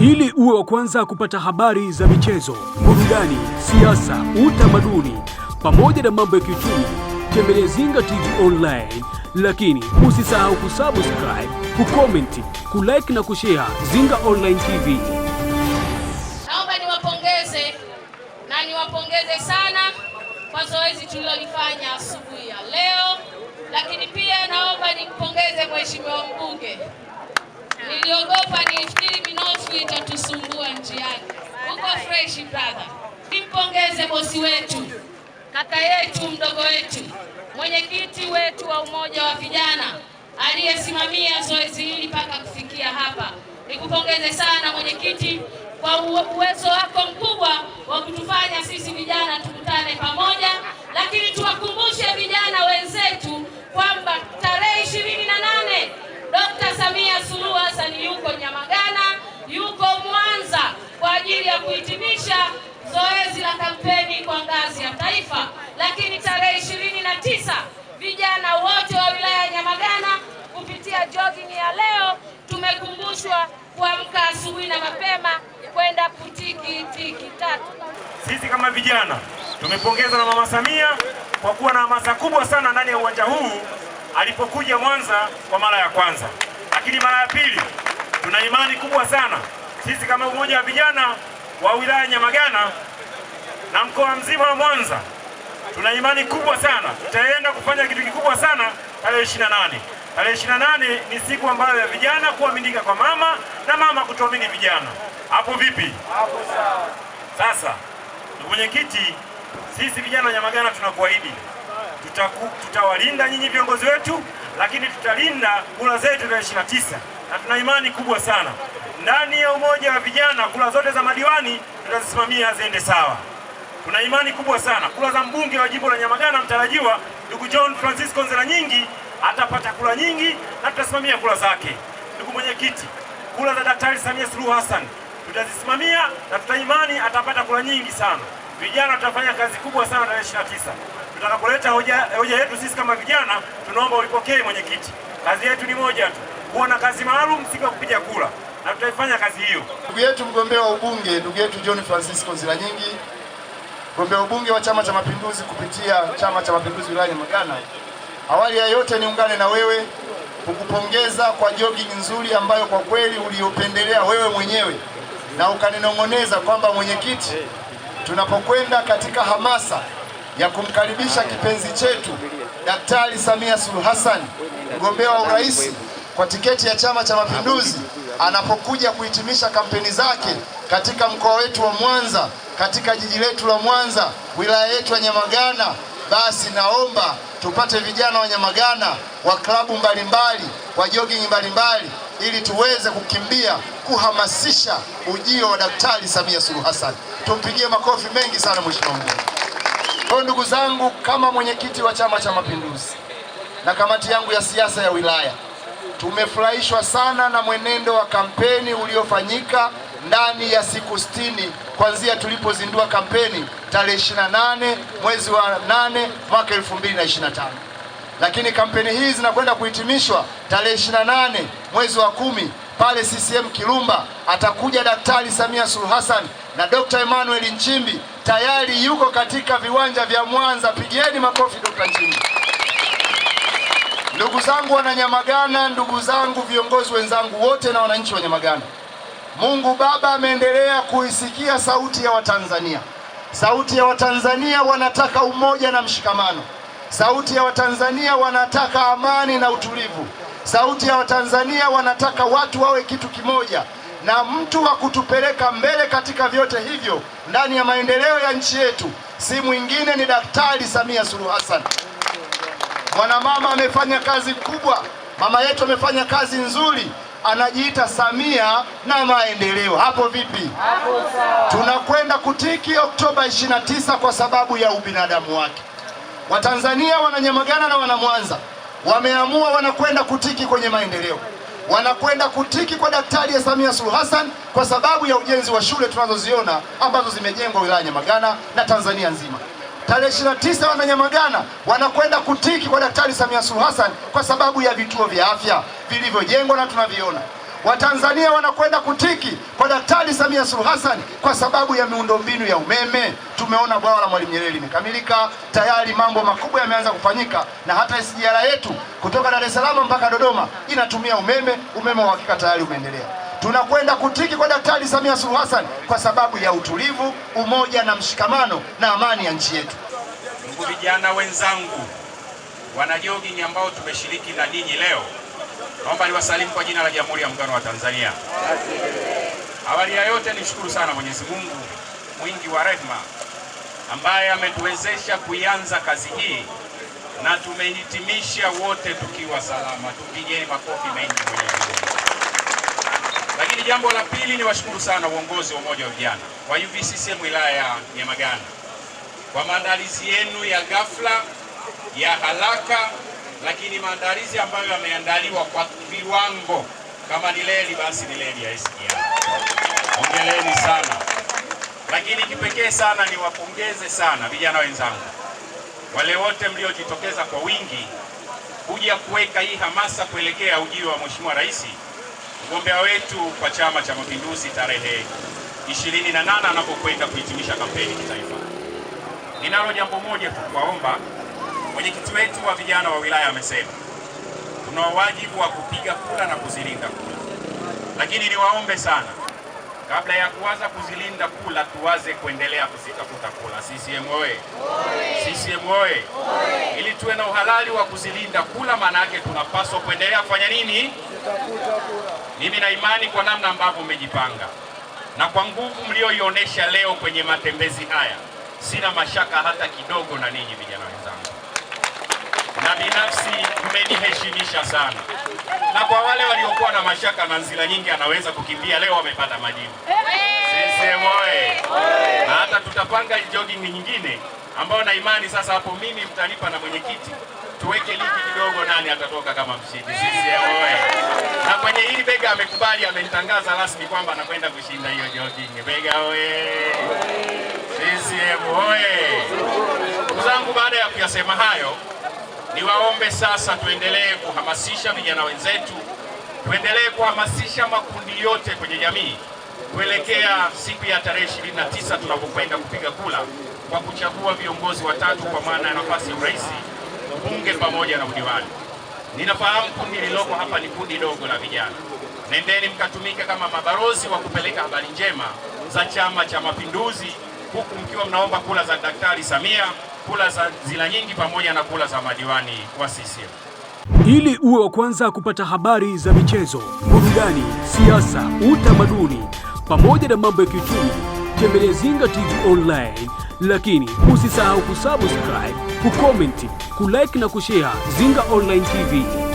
Ili uwe wa kwanza kupata habari za michezo, burudani, siasa, utamaduni pamoja na mambo ya kiuchumi, tembelea Zinga TV Online, lakini usisahau kusubscribe, kucomment, kulike na kushare Zinga Online TV. Naomba niwapongeze na niwapongeze sana kwa zoezi tulilolifanya asubuhi ya leo, lakini pia naomba nimpongeze mheshimiwa mbunge Niliogopa nifikiri minofu itatusumbua njiani. Uko fresh brother. Nimpongeze bosi wetu, kaka yetu, mdogo wetu, mwenyekiti wetu wa umoja wa vijana aliyesimamia zoezi hili mpaka kufikia hapa. Nikupongeze sana mwenyekiti kwa uwezo wako mkubwa wa kutufanya sisi vijana tukutane pamoja. wanakumbushwa kuamka asubuhi na mapema kwenda kutiki tiki tatu. Sisi kama vijana tumepongeza na Mama Samia kwa kuwa na hamasa kubwa sana ndani ya uwanja huu alipokuja Mwanza kwa mara ya kwanza, lakini mara ya pili, tuna imani kubwa sana sisi kama umoja wa vijana wa wilaya Nyamagana na mkoa mzima wa Mwanza, tuna imani kubwa sana, tutaenda kufanya kitu kikubwa sana tarehe 28. Tarehe 28 ni siku ambayo ya vijana kuaminika kwa mama na mama kutuamini vijana. Hapo vipi? Hapo sawa. Sasa ndugu mwenyekiti, sisi vijana Nyamagana tunakuahidi tutawalinda nyinyi viongozi wetu, lakini tutalinda kura zetu tarehe 29 na tuna imani kubwa sana ndani ya umoja wa vijana. Kura zote za madiwani tutazisimamia ziende sawa. Tuna imani kubwa sana kura za mbunge wa jimbo la Nyamagana mtarajiwa ndugu John Francisco Nzera Nyingi atapata kura nyingi na tutasimamia kura zake. Ndugu mwenyekiti, kura za Daktari Samia Suluhu Hassan tutazisimamia na tutaimani atapata kura nyingi sana. Vijana tutafanya kazi kubwa sana tarehe 29 tutakapoleta hoja, hoja yetu sisi kama vijana tunaomba uipokee mwenyekiti. Kazi yetu ni moja tu, kuwa na kazi maalum siku ya kupiga kura na tutaifanya kazi hiyo. Ndugu yetu mgombea wa ubunge, ndugu yetu John Francisco nyingi, mgombea wa ubunge wa Chama cha Mapinduzi kupitia Chama cha Mapinduzi wilaya ya Nyamagana Awali ya yote niungane na wewe kukupongeza kwa jogi nzuri ambayo kwa kweli uliyopendelea wewe mwenyewe na ukaninong'oneza kwamba mwenyekiti, tunapokwenda katika hamasa ya kumkaribisha kipenzi chetu Daktari Samia Suluhu Hassan, mgombea wa urais kwa tiketi ya Chama cha Mapinduzi, anapokuja kuhitimisha kampeni zake katika mkoa wetu wa Mwanza, katika jiji letu la Mwanza, wilaya yetu ya Nyamagana, basi naomba tupate vijana wa Nyamagana wa klabu mbalimbali wa jogging mbalimbali ili tuweze kukimbia kuhamasisha ujio wa Daktari Samia Suluhu Hassan. Tumpigie makofi mengi sana mheshimiwa mbunge. Kwa ndugu zangu, kama mwenyekiti wa Chama cha Mapinduzi na kamati yangu ya siasa ya wilaya, tumefurahishwa sana na mwenendo wa kampeni uliofanyika ndani ya siku sitini kuanzia tulipozindua kampeni tarehe 28 mwezi wa 8 mwaka 2025 lakini kampeni hii zinakwenda kuhitimishwa tarehe 28 mwezi wa kumi pale CCM Kirumba atakuja Daktari Samia Suluhu Hassan na Dr. Emmanuel Nchimbi tayari yuko katika viwanja vya Mwanza. Pigieni makofi Dr. Nchimbi. Ndugu zangu Wananyamagana, ndugu zangu viongozi wenzangu wote na wananchi wa Nyamagana, Mungu Baba ameendelea kuisikia sauti ya Watanzania. Sauti ya Watanzania wanataka umoja na mshikamano. Sauti ya Watanzania wanataka amani na utulivu. Sauti ya Watanzania wanataka watu wawe kitu kimoja, na mtu wa kutupeleka mbele katika vyote hivyo ndani ya maendeleo ya nchi yetu si mwingine ni Daktari Samia Suluhu Hassan. Mwanamama amefanya kazi kubwa, mama yetu amefanya kazi nzuri anajiita Samia na maendeleo. Hapo vipi? Hapo sawa. Tunakwenda kutiki Oktoba 29 kwa sababu ya ubinadamu wake. Watanzania wananyamagana na wanamwanza wameamua wanakwenda kutiki kwenye maendeleo, wanakwenda kutiki kwa Daktari ya Samia Suluhu Hassan kwa sababu ya ujenzi wa shule tunazoziona ambazo zimejengwa wilaya Nyamagana na Tanzania nzima tarehe 29 Wananyamagana wanakwenda kutiki kwa Daktari Samia Suluhu Hassan kwa sababu ya vituo vya afya vilivyojengwa na tunaviona. Watanzania wanakwenda kutiki kwa Daktari Samia Suluhu Hassan kwa sababu ya miundombinu ya umeme. Tumeona bwawa la Mwalimu Nyerere limekamilika tayari, mambo makubwa yameanza kufanyika, na hata SGR yetu kutoka Dar es Salaam mpaka Dodoma inatumia umeme, umeme wa hakika tayari umeendelea tunakwenda kutiki kwa Daktari Samia Suluhu Hassan kwa sababu ya utulivu, umoja na mshikamano na amani ya nchi yetu. Ndugu vijana wenzangu, wanajogi ambao tumeshiriki na ninyi leo, naomba niwasalimu kwa jina la Jamhuri ya Muungano wa Tanzania. Awali ya yote nishukuru sana Mwenyezi Mungu mwingi wa rehema ambaye ametuwezesha kuianza kazi hii na tumehitimisha wote tukiwa salama. Tupigeni makofi mengi Mwenyezi Mungu. Lakini jambo la pili, ni washukuru sana uongozi wa Umoja wa Vijana wa UVCCM wilaya ya Nyamagana kwa maandalizi yenu ya ghafla ya haraka, lakini maandalizi ambayo yameandaliwa kwa viwango. Kama ni leli, basi ni leli ya SGR. Hongereni sana, lakini kipekee sana niwapongeze sana vijana wenzangu wale wote mliojitokeza kwa wingi kuja kuweka hii hamasa kuelekea ujio wa Mheshimiwa Rais mgombea wetu kwa Chama cha Mapinduzi tarehe 28 anapokwenda kuhitimisha kampeni kitaifa. Ninalo jambo moja tu kuwaomba, mwenyekiti wetu wa vijana wa wilaya amesema tuna wajibu wa kupiga kura na kuzilinda kura, lakini niwaombe sana, kabla ya kuwaza kuzilinda kura tuwaze kuendelea kuzitafuta kura. CCM oye! CCM oye! Ili tuwe na uhalali wa kuzilinda kura, maana yake tunapaswa kuendelea kufanya nini? Mimi na imani kwa namna ambavyo mmejipanga na kwa nguvu mlioionyesha leo kwenye matembezi haya, sina mashaka hata kidogo na ninyi vijana wenzangu, na binafsi mmeniheshimisha sana. Na kwa wale waliokuwa na mashaka na nzira nyingi, anaweza kukimbia leo, wamepata majibu. CCM oyee! Na hata tutapanga jogging nyingine ambayo na imani sasa, hapo mimi mtalipa na mwenyekiti, tuweke liki kidogo, nani atatoka kama mshindi. CCM kwenye hili bega amekubali, amelitangaza rasmi kwamba anakwenda kushinda hiyo jogging. Bega oye! CCM oye! Ndugu zangu, baada ya kuyasema hayo, niwaombe sasa tuendelee kuhamasisha vijana wenzetu, tuendelee kuhamasisha makundi yote kwenye jamii kuelekea siku ya tarehe 29 tunapokwenda kupiga kura kwa kuchagua viongozi watatu kwa maana ya nafasi ya urais, ubunge pamoja na udiwani. Ninafahamu kundi lililoko hapa ni kundi dogo la vijana. Nendeni mkatumike kama mabalozi wa kupeleka habari njema za Chama cha Mapinduzi, huku mkiwa mnaomba kula za Daktari Samia, kula za zila nyingi, pamoja na kula za madiwani wa CCM. Ili uwe wa kwanza kupata habari za michezo, burudani, siasa, utamaduni pamoja na mambo ya kiuchumi, tembelea Zinga TV Online lakini usisahau kusubscribe, kukomenti, kulike na kushare Zinga Online TV.